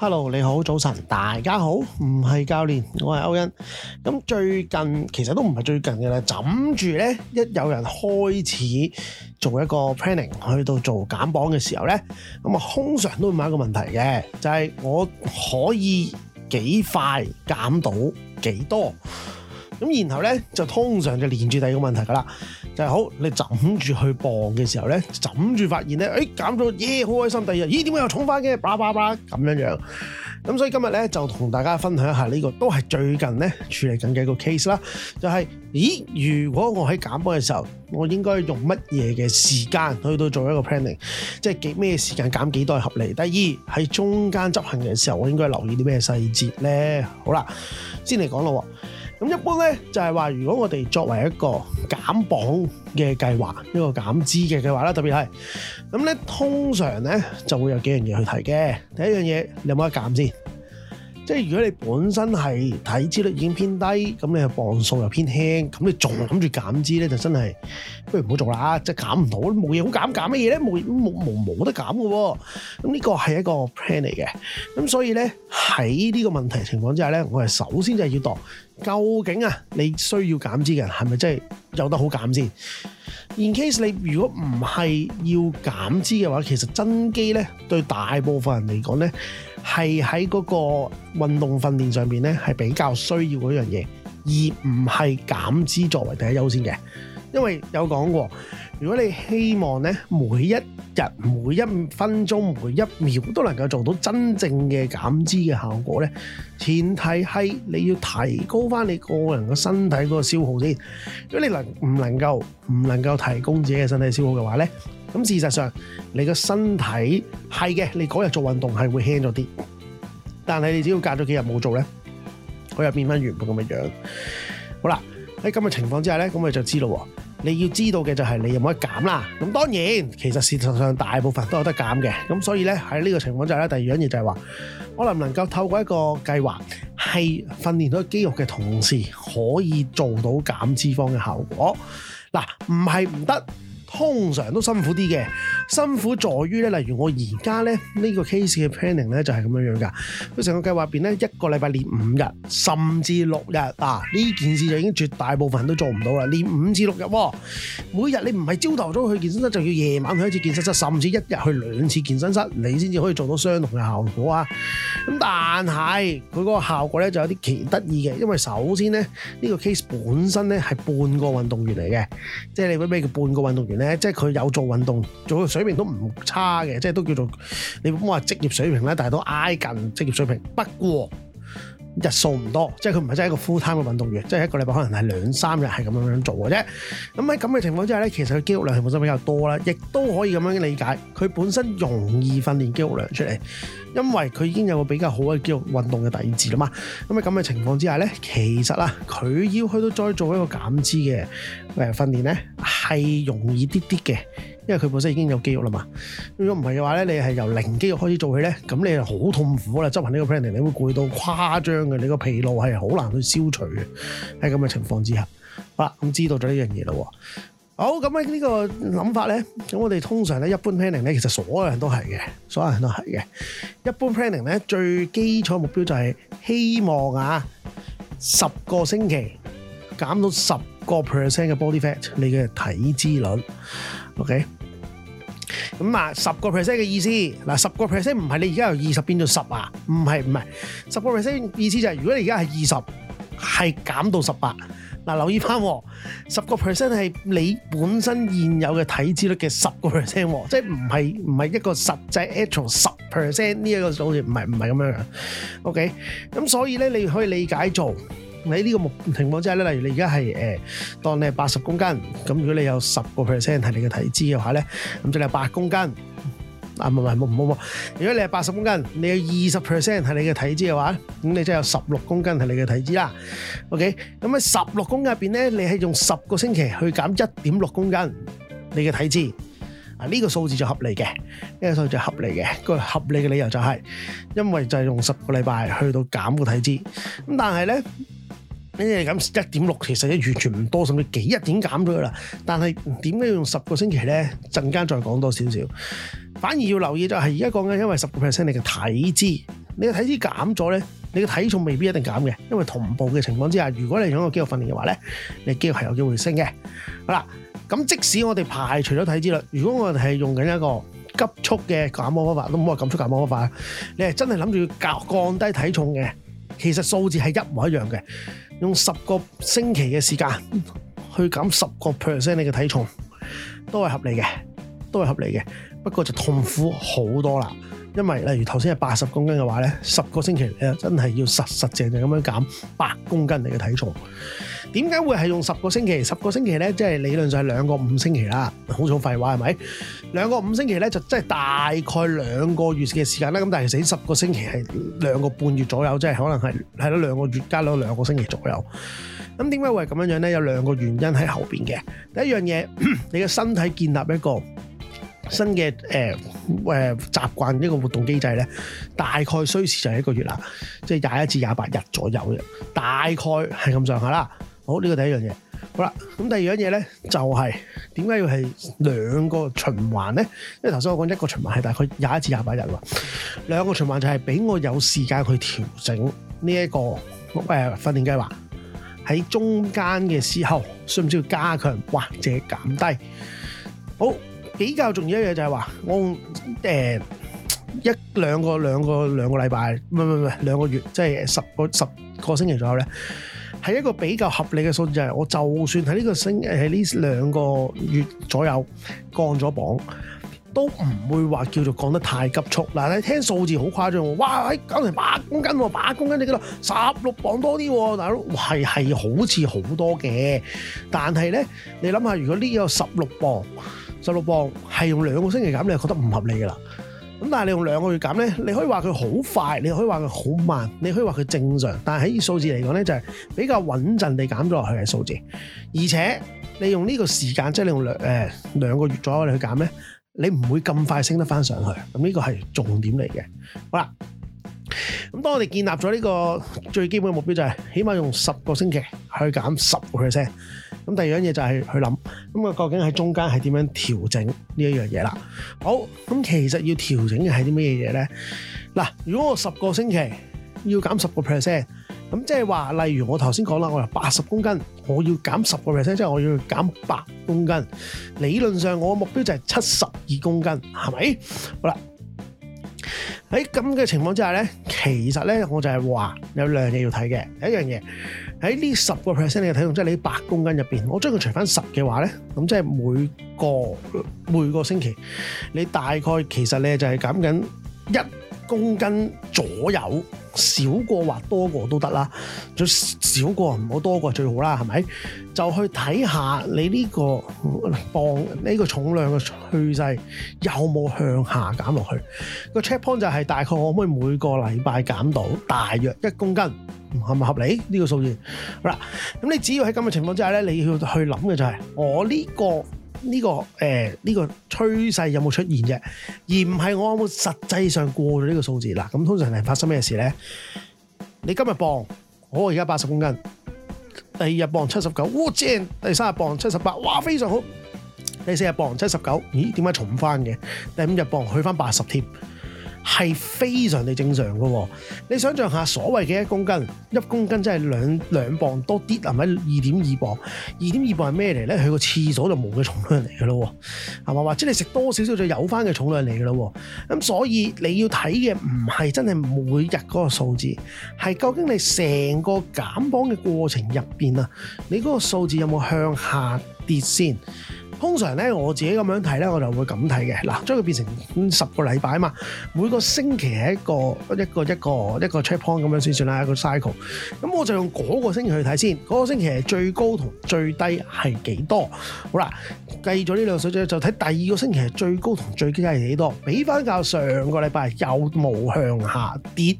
Hello，你好早晨，大家好，唔係教練，我係歐恩。咁最近其實都唔係最近嘅啦，枕住咧，一有人開始做一個 planning 去到做減磅嘅時候咧，咁啊，通常都會問一個問題嘅，就係我可以幾快減到幾多？咁然後咧就通常就連住第二個問題噶啦。就係、好，你枕住去磅嘅時候咧，枕住發現咧，誒、哎、減咗耶，好、yeah, 開心。第二日，咦，點解又重返嘅？叭叭叭咁樣樣。咁所以今日咧就同大家分享一下呢、這個，都係最近咧處理緊嘅一個 case 啦。就係、是、咦，如果我喺減磅嘅時候，我應該用乜嘢嘅時間去到做一個 planning？即係幾咩時間減幾多係合理？第二，喺中間執行嘅時候，我應該留意啲咩細節咧？好啦，先嚟講咯。咁一般呢，就係話，如果我哋作為一個減磅嘅計劃，一個減脂嘅計劃啦，特別係咁呢，通常呢就會有幾樣嘢去提嘅。第一樣嘢，你有冇得減脂？即係如果你本身係體脂率已經偏低，咁你嘅磅數又偏輕，咁你仲諗住減脂咧，就真係不如唔好做啦。即係減唔到，冇嘢好減，減乜嘢咧？冇冇冇得減嘅喎。咁呢個係一個 plan 嚟嘅。咁所以咧，喺呢個問題情況之下咧，我係首先就係要度究竟啊你需要減脂嘅人係咪真係有得好減先？In case 你如果唔係要減脂嘅話，其實增肌咧對大部分人嚟講咧。係係喺嗰個運動訓練上面呢，係比較需要嗰樣嘢，而唔係減脂作為第一優先嘅。因為有講過，如果你希望呢，每一日、每一分鐘、每一秒都能夠做到真正嘅減脂嘅效果呢，前提係你要提高返你個人嘅身體嗰個消耗先。如果你能唔能夠唔能夠提供自己嘅身體消耗嘅話呢？咁事實上，你個身體係嘅，你嗰日做運動係會輕咗啲，但係你只要隔咗幾日冇做咧，佢又變翻原本咁嘅樣。好啦，喺咁嘅情況之下咧，咁我就知咯。你要知道嘅就係你有冇得減啦。咁當然，其實事實上大部分都有得減嘅。咁所以咧喺呢個情況之下咧，第二樣嘢就係話，我能唔能夠透過一個計劃係訓練到肌肉嘅同時，可以做到減脂肪嘅效果？嗱，唔係唔得。通常都辛苦啲嘅，辛苦在於咧，例如我而家咧呢個 case 嘅 planning 咧就係咁樣樣，佢成個計劃入邊咧一個禮拜練五日甚至六日啊！呢件事就已經絕大部分都做唔到啦，練五至六日，哦，每日你唔係朝頭早去健身室，就要夜晚去一次健身室，甚至一日去兩次健身室，你先至可以做到相同嘅效果啊！咁但係佢個效果咧就有啲奇得意嘅，因為首先咧呢個 case 本身咧係半個運動員嚟嘅，即係你會咩叫半個運動員？即係佢有做運動，做嘅水平都唔差嘅，即係都叫做你唔好話職業水平咧，但係都挨近職業水平。不過，日數唔多，即係佢唔係真係一個 full time 嘅運動員，即係一個禮拜可能係兩三日係咁樣樣做嘅啫。咁喺咁嘅情況之下呢，其實佢肌肉量係本身比較多啦，亦都可以咁樣理解，佢本身容易訓練肌肉量出嚟，因為佢已經有個比較好嘅肌肉運動嘅底子啦嘛。咁喺咁嘅情況之下呢，其實啦，佢要去到再做一個減脂嘅誒訓練呢，係容易啲啲嘅。因為佢本身已經有肌肉啦嘛，如果唔係嘅話咧，你係由零肌肉開始做起咧，咁你就好痛苦啦，執行呢個 planning 你會攰到誇張嘅，你個疲勞係好難去消除嘅。喺咁嘅情況之下，好啦，咁知道咗呢樣嘢咯。好，咁喺呢個諗法咧，咁我哋通常咧，一般 planning 咧，其實所有人都係嘅，所有人都係嘅。一般 planning 咧，最基礎目標就係希望啊，十個星期減到十個 percent 嘅 body fat，你嘅體脂率。ok。咁啊，十個 percent 嘅意思，嗱，十個 percent 唔係你而家由二十變到十啊，唔係唔係，十個 percent 意思就係如果你而家係二十，係減到十八。嗱，留意返，十個 percent 係你本身現有嘅體脂率嘅十個 percent，即係唔係唔係一個實際、就是、actual 十 percent 呢一個數字，唔係唔係咁樣嘅。OK，咁所以咧，你可以理解做。喺呢個目情況之下咧，例如你而家係誒，當你係八十公斤，咁如果你有十個 percent 係你嘅體脂嘅話咧，咁就係八公斤。啊，唔係唔係冇冇冇。如果你係八十公斤，你有二十 percent 係你嘅體脂嘅話，咁你即係有十六公斤係你嘅體脂啦。OK，咁喺十六公斤入邊咧，你係用十個星期去減一點六公斤你嘅體脂。啊，呢個數字就合理嘅，呢個數字就合理嘅。個合理嘅理由就係因為就係用十個禮拜去到減個體脂。咁但係咧。呢啲係咁，一點六其實咧，完全唔多，甚至幾一點減咗佢啦。但係點解要用十個星期咧？陣間再講多少少，反而要留意就係而家講緊，因為十個 percent 你嘅體脂，你嘅體脂減咗咧，你嘅體重未必一定減嘅，因為同步嘅情況之下，如果你用一個肌肉訓練嘅話咧，你嘅肌肉係有機會升嘅。好啦，咁即使我哋排除咗體脂率，如果我哋係用緊一個急速嘅減磅方法，都唔好話急速減磅方法，你係真係諗住降降低體重嘅，其實數字係一模一樣嘅。用十個星期嘅時間去減十個 percent 你嘅體重，都係合理嘅，都係合理嘅，不過就痛苦好多啦。因為例如頭先係八十公斤嘅話咧，十個星期咧真係要實實淨淨咁樣減八公斤你嘅體重。點解會係用十個星期？十個星期咧，即係理論上係兩個五星期啦。好重廢話係咪？兩個五星期咧，就即係大概兩個月嘅時間啦。咁但係其實呢十個星期係兩個半月左右，即係可能係係咯兩個月加多兩個星期左右。咁點解會係咁樣樣咧？有兩個原因喺後邊嘅。第一樣嘢，你嘅身體建立一個。新嘅誒誒習慣呢個活動機制咧，大概需時就係一個月啦，即係廿一至廿八日左右嘅，大概係咁上下啦。好，呢個第一樣嘢。好啦，咁第二樣嘢咧就係點解要係兩個循環咧？因為頭先我講一個循環係大概廿一至廿八日喎，兩個循環就係俾我有時間去調整呢、呢、一個誒、呃、訓練計劃喺中間嘅時候，需唔需要加強或者減低？好。比較重要一嘢就係話，我誒、呃、一兩個兩個兩個禮拜，唔係唔係兩個月，即係十個十個星期左右咧，係一個比較合理嘅數字，就係。就係我就算喺呢個星誒喺呢兩個月左右降咗磅，都唔會話叫做降得太急速。嗱，你聽數字好誇張喎，哇喺減成八公斤喎，啊，八公斤你記得十六磅多啲喎，大佬係係好似好多嘅，但係咧你諗下，如果呢個十六磅。十六磅係用兩個星期減，你就覺得唔合理噶啦。咁但係你用兩個月減咧，你可以話佢好快，你可以話佢好慢，你可以話佢正常。但係喺數字嚟講咧，就係比較穩陣地減咗落去嘅數字。而且你用呢個時間，即係你用兩誒兩個月左右你去減咧，你唔會咁快升得翻上去。咁呢個係重點嚟嘅。好啦。咁當我哋建立咗呢個最基本嘅目標，就係起碼用十個星期去減十個 percent。咁第二樣嘢就係去諗，咁啊究竟喺中間係點樣調整呢一樣嘢啦？好，咁其實要調整嘅係啲乜嘢嘢咧？嗱，如果我十個星期要減十個 percent，咁即係話，例如我頭先講啦，我由八十公斤，我要減十個 percent，即係我要減八公斤。理論上我嘅目標就係七十二公斤，係咪？好啦。喺咁嘅情況之下咧，其實咧我就係話有兩嘢要睇嘅。第一樣嘢喺呢十個 percent 嘅體重，即係你百公斤入邊，我將佢除翻十嘅話咧，咁即係每個每個星期你大概其實咧就係減緊一公斤左右，少過或多過都得啦。少過唔好多過最好啦，係咪？就去睇下你呢個磅呢個重量嘅趨勢有冇向下減落去？個 check point 就係大概我可唔可以每個禮拜減到大約一公斤，合唔合理呢個數字？好啦，咁你只要喺咁嘅情況之下咧，你要去諗嘅就係我呢個。呢、這個誒呢、呃這個趨勢有冇出現啫？而唔係我有冇實際上過咗呢個數字嗱？咁通常係發生咩事咧？你今日磅，我而家八十公斤，第二日磅七十九，哇正！第三日磅七十八，哇非常好！第四日磅七十九，咦點解重返嘅？第五日磅去返八十添。係非常地正常嘅。哦，你想象下所謂嘅一公斤，一公斤真係兩兩磅多啲，係咪二點二磅？二點二磅係咩嚟咧？佢個廁所就冇嘅重量嚟嘅咯，係咪？或者你食多少少就有翻嘅重量嚟嘅咯？咁所以你要睇嘅唔係真係每日嗰個數字，係究竟你成個減磅嘅過程入邊啊，你嗰個數字有冇向下跌先？通常咧，我自己咁樣睇咧，我就會咁睇嘅。嗱，將佢變成十個禮拜啊嘛，每個星期一個一個一個一個，一個 check point 咁樣算算啦，一個 cycle。咁我就用嗰個星期去睇先，嗰個星期係最高同最低係幾多？好啦，計咗呢兩水就睇第二個星期係最高同最低係幾多？比翻較上個禮拜有冇向下跌？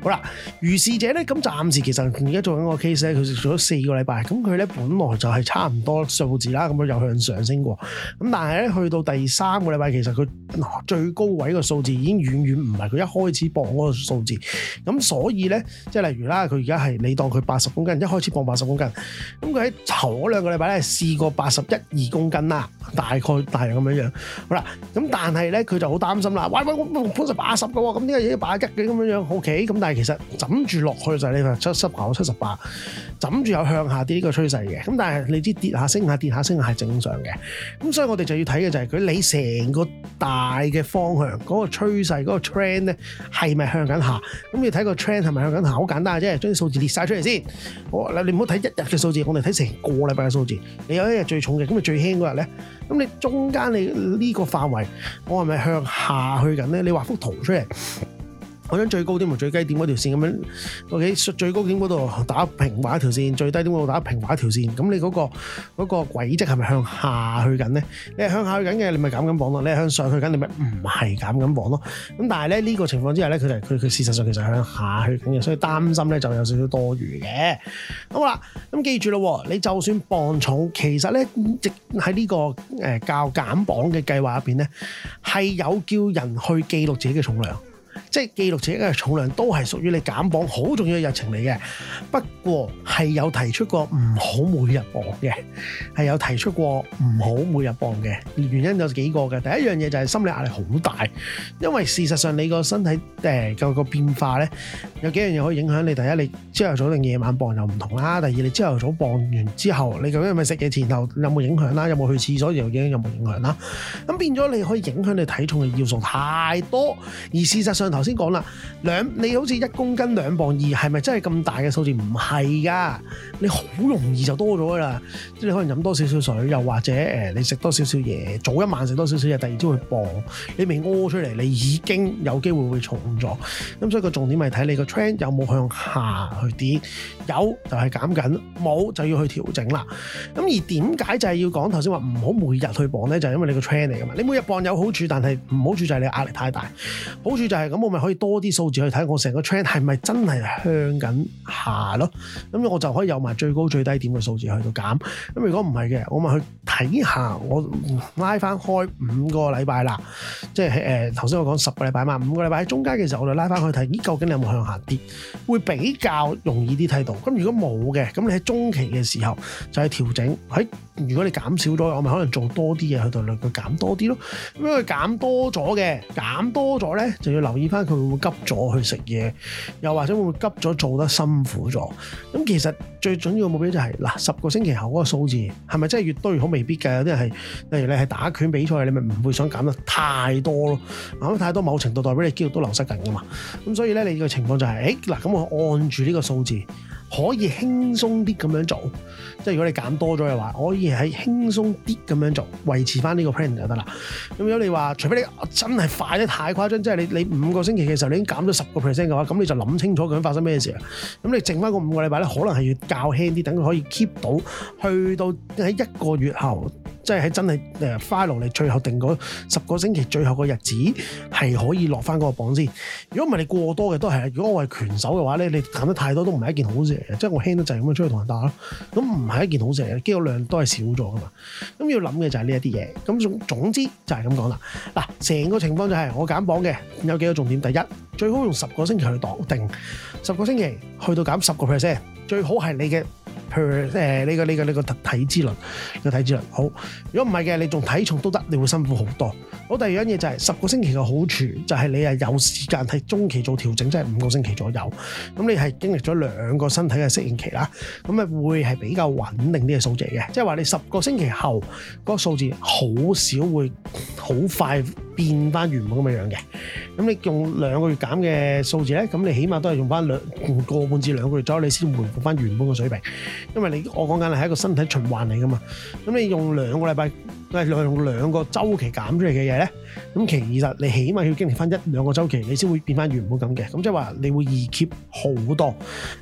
好啦，如是者咧咁暫時其實而家做緊個 case 咧，佢做咗四個禮拜，咁佢咧本來就係差唔多數字啦，咁樣又向上升。咁但係咧去到第三個禮拜，其實佢最高位個數字已經遠遠唔係佢一開始磅嗰個數字。咁所以咧，即係例如啦，佢而家係你當佢八十公斤，一開始磅八十公斤。咁佢喺頭嗰兩個禮拜咧試過八十一、二公斤啦，大概大係咁樣樣。好啦，咁但係咧佢就好擔心啦。喂喂，我本身八十嘅，咁呢個嘢要八一嘅咁樣樣？O K，咁但係其實枕住落去就係呢個七十九，七十八枕住有向下跌呢個趨勢嘅。咁但係你知跌下升下跌下升下係正常嘅。咁所以我哋就要睇嘅就係佢理成個大嘅方向，嗰個趨勢，嗰個 trend 咧係咪向緊下？咁要睇個 trend 係咪向緊下？好簡單啫，將啲數字列晒出嚟先。好你唔好睇一日嘅數字，我哋睇成個禮拜嘅數字。你有一日最重嘅，咁啊最輕嗰日咧，咁你中間你呢個範圍，我係咪向下去緊咧？你畫幅圖出嚟。我將最高點同最低點嗰條線咁樣，O.K. 最高點嗰度打平滑一條線，最低點嗰度打平滑一條線。咁你嗰個嗰個軌跡係咪向下去緊咧？你係向下去緊嘅，你咪減緊磅咯；你係向上去緊，你咪唔係減緊磅咯。咁但係咧，呢個情況之下咧，佢哋佢佢事實上其實向下去緊嘅，所以擔心咧就有少少多餘嘅。好啦，咁記住咯，你就算磅重，其實咧喺呢個誒較減磅嘅計劃入邊咧，係有叫人去記錄自己嘅重量。即係記錄自己嘅重量都係屬於你減磅好重要嘅日程嚟嘅。不過係有提出過唔好每日磅嘅，係有提出過唔好每日磅嘅原因有幾個嘅。第一樣嘢就係心理壓力好大，因為事實上你個身體誒個、呃、個變化咧有幾樣嘢可以影響你。第一，你朝頭早定夜晚磅又唔同啦、啊。第二，你朝頭早磅完之後，你究竟係咪食嘢前頭有冇影響啦、啊？有冇去廁所又影有冇影響啦、啊？咁變咗你可以影響你體重嘅要素太多，而事實上。頭先講啦，兩你好似一公斤兩磅二，係咪真係咁大嘅數字？唔係噶，你好容易就多咗噶啦。即係你可能飲多少少水，又或者誒，你食多少少嘢，早一晚食多少少嘢，第二朝去磅，你未屙出嚟，你已經有機會會重咗。咁所以個重點係睇你個 trend 有冇向下去跌，有就係減緊，冇就要去調整啦。咁而點解就係要講頭先話唔好每日去磅咧？就係因為你個 trend 嚟噶嘛。你每日磅有好處，但係唔好處就係你壓力太大，好處就係咁。咁我咪可以多啲數字去睇，我成個 trend 係咪真係向緊下咯？咁我就可以有埋最高最低點嘅數字去到減。咁如果唔係嘅，我咪去睇下，我拉翻開五個禮拜啦，即係誒，頭先我講十個禮拜嘛，五個禮拜喺中間嘅時候我就拉翻去睇，究竟你有冇向下跌，會比較容易啲睇到。咁如果冇嘅，咁你喺中期嘅時候就係調整喺。如果你減少咗，我咪可能做多啲嘢去到量佢減多啲咯。咁因為減多咗嘅，減多咗咧，就要留意翻佢會唔會急咗去食嘢，又或者會唔會急咗做得辛苦咗。咁其實最重要嘅目標就係，嗱，十個星期後嗰個數字係咪真係越多越好？未必㗎。有啲係，例如你係打拳比賽，你咪唔會想減得太多咯。減得太多，某程度代表你肌肉都流失緊㗎嘛。咁所以咧，你個情況就係，誒嗱，咁我按住呢個數字。可以輕鬆啲咁樣做，即係如果你減多咗嘅話，可以喺輕鬆啲咁樣做，維持翻呢個 plan 就得啦。咁如果你話，除非你真係快得太誇張，即係你你五個星期嘅時候，你已經減咗十個 percent 嘅話，咁你就諗清楚究竟發生咩事啦。咁你剩翻個五個禮拜咧，可能係要較輕啲，等佢可以 keep 到去到喺一個月後。即係喺真係誒 follow 你最後定個十個星期最後個日子係可以落翻嗰個榜先。如果唔係你過多嘅都係。如果我係拳手嘅話咧，你減得太多都唔係一件好事嚟嘅。即係我輕得就係咁樣出去同人打咯。咁唔係一件好事嚟嘅，肌肉量都係少咗噶嘛。咁要諗嘅就係呢一啲嘢。咁總，總之就係咁講啦。嗱，成個情況就係我減磅嘅有幾個重點。第一，最好用十個星期去度定。十個星期去到減十個 percent，最好係你嘅。譬如呢個呢、這個呢、這個這個體脂率，個體脂率好。如果唔係嘅，你仲體重都得，你會辛苦好多。好，第二樣嘢就係、是、十個星期嘅好處，就係你係有時間喺中期做調整，即係五個星期左右。咁你係經歷咗兩個身體嘅適應期啦，咁誒會係比較穩定啲嘅數字嘅。即係話你十個星期後嗰、那個數字好少會好快。變翻原本咁嘅樣嘅，咁你用兩個月減嘅數字咧，咁你起碼都係用翻兩個半至兩個月左右，你先回復翻原本嘅水平，因為你我講緊係一個身體循環嚟噶嘛，咁你用兩個禮拜。係用兩個週期減出嚟嘅嘢咧，咁其實你起碼要經歷翻一兩個週期，你先會變翻原本咁嘅。咁即係話你會易 keep 好多。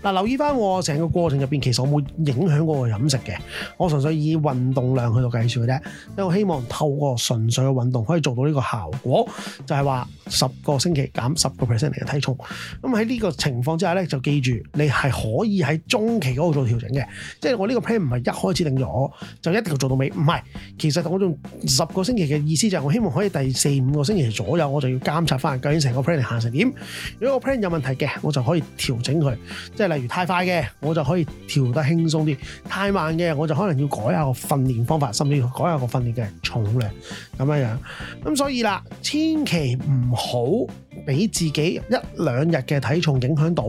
嗱，留意翻我成個過程入邊，其實我冇影響過我嘅飲食嘅，我純粹以運動量去到計算嘅啫。因為我希望透過純粹嘅運動可以做到呢個效果，就係話十個星期減十個 percent 嚟嘅體重。咁喺呢個情況之下咧，就記住你係可以喺中期嗰度做調整嘅。即係我呢個 plan 唔係一開始定咗就一定要做到尾，唔係，其實我仲十個星期嘅意思就係我希望可以第四五個星期左右，我就要監察返究竟成個 plan 行成點。如果個 plan 有問題嘅，我就可以調整佢。即係例如太快嘅，我就可以調得輕鬆啲；太慢嘅，我就可能要改下個訓練方法，甚至改下個訓練嘅重量咁樣樣。咁所以啦，千祈唔好，俾自己一兩日嘅體重影響到，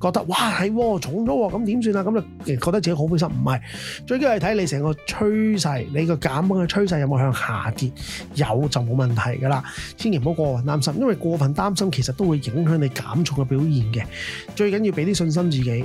覺得哇，係重咗，咁點算啊？咁就覺得自己好灰心。唔係，最緊要係睇你成個趨勢，你個減磅嘅趨勢有冇向下跌，有就冇問題噶啦，千祈唔好過分擔心，因為過分擔心其實都會影響你減重嘅表現嘅，最緊要俾啲信心自己。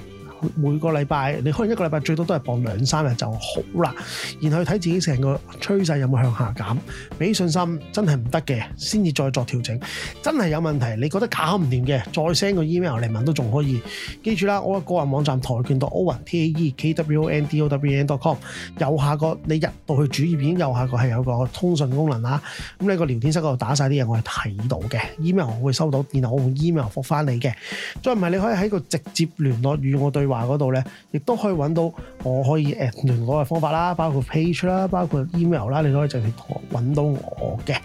每個禮拜你可能一個禮拜最多都係搏兩三日就好啦，然後睇自己成個趨勢有冇向下減，俾信心真係唔得嘅，先至再作調整。真係有問題，你覺得搞唔掂嘅，再 send 個 email 嚟問都仲可以。記住啦，我個人網站跆拳道歐文 TAEKWONDOWEN.com 右下角你入到去主頁面右下角係有個通訊功能啦。咁你喺個聊天室嗰度打晒啲嘢，我係睇到嘅 email 我會收到，然後我用 email 復翻你嘅。再唔係你可以喺個直接聯絡與我對。話嗰度咧，亦都可以揾到我可以誒聯絡嘅方法啦，包括 page 啦，包括 email 啦，你都可以直接揾到我嘅。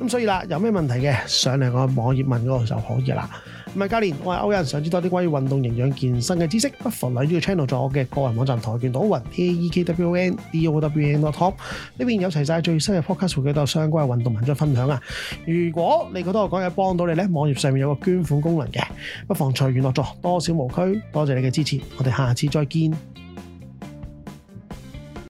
咁所以啦，有咩問題嘅，上嚟我網頁問嗰度就可以啦。咁係教練，我係歐人，想知多啲關於運動營養健身嘅知識，不妨嚟呢個 channel 做我嘅個人網站跆拳道雲 T A E K W O N D O W E N dot top 呢邊有齊晒最新嘅 podcast 嘅都有相關運動文章分享啊。如果你覺得我講嘢幫到你咧，網頁上面有個捐款功能嘅，不妨隨緣樂助，多少唔拘，多謝你嘅支持。我哋下次再見。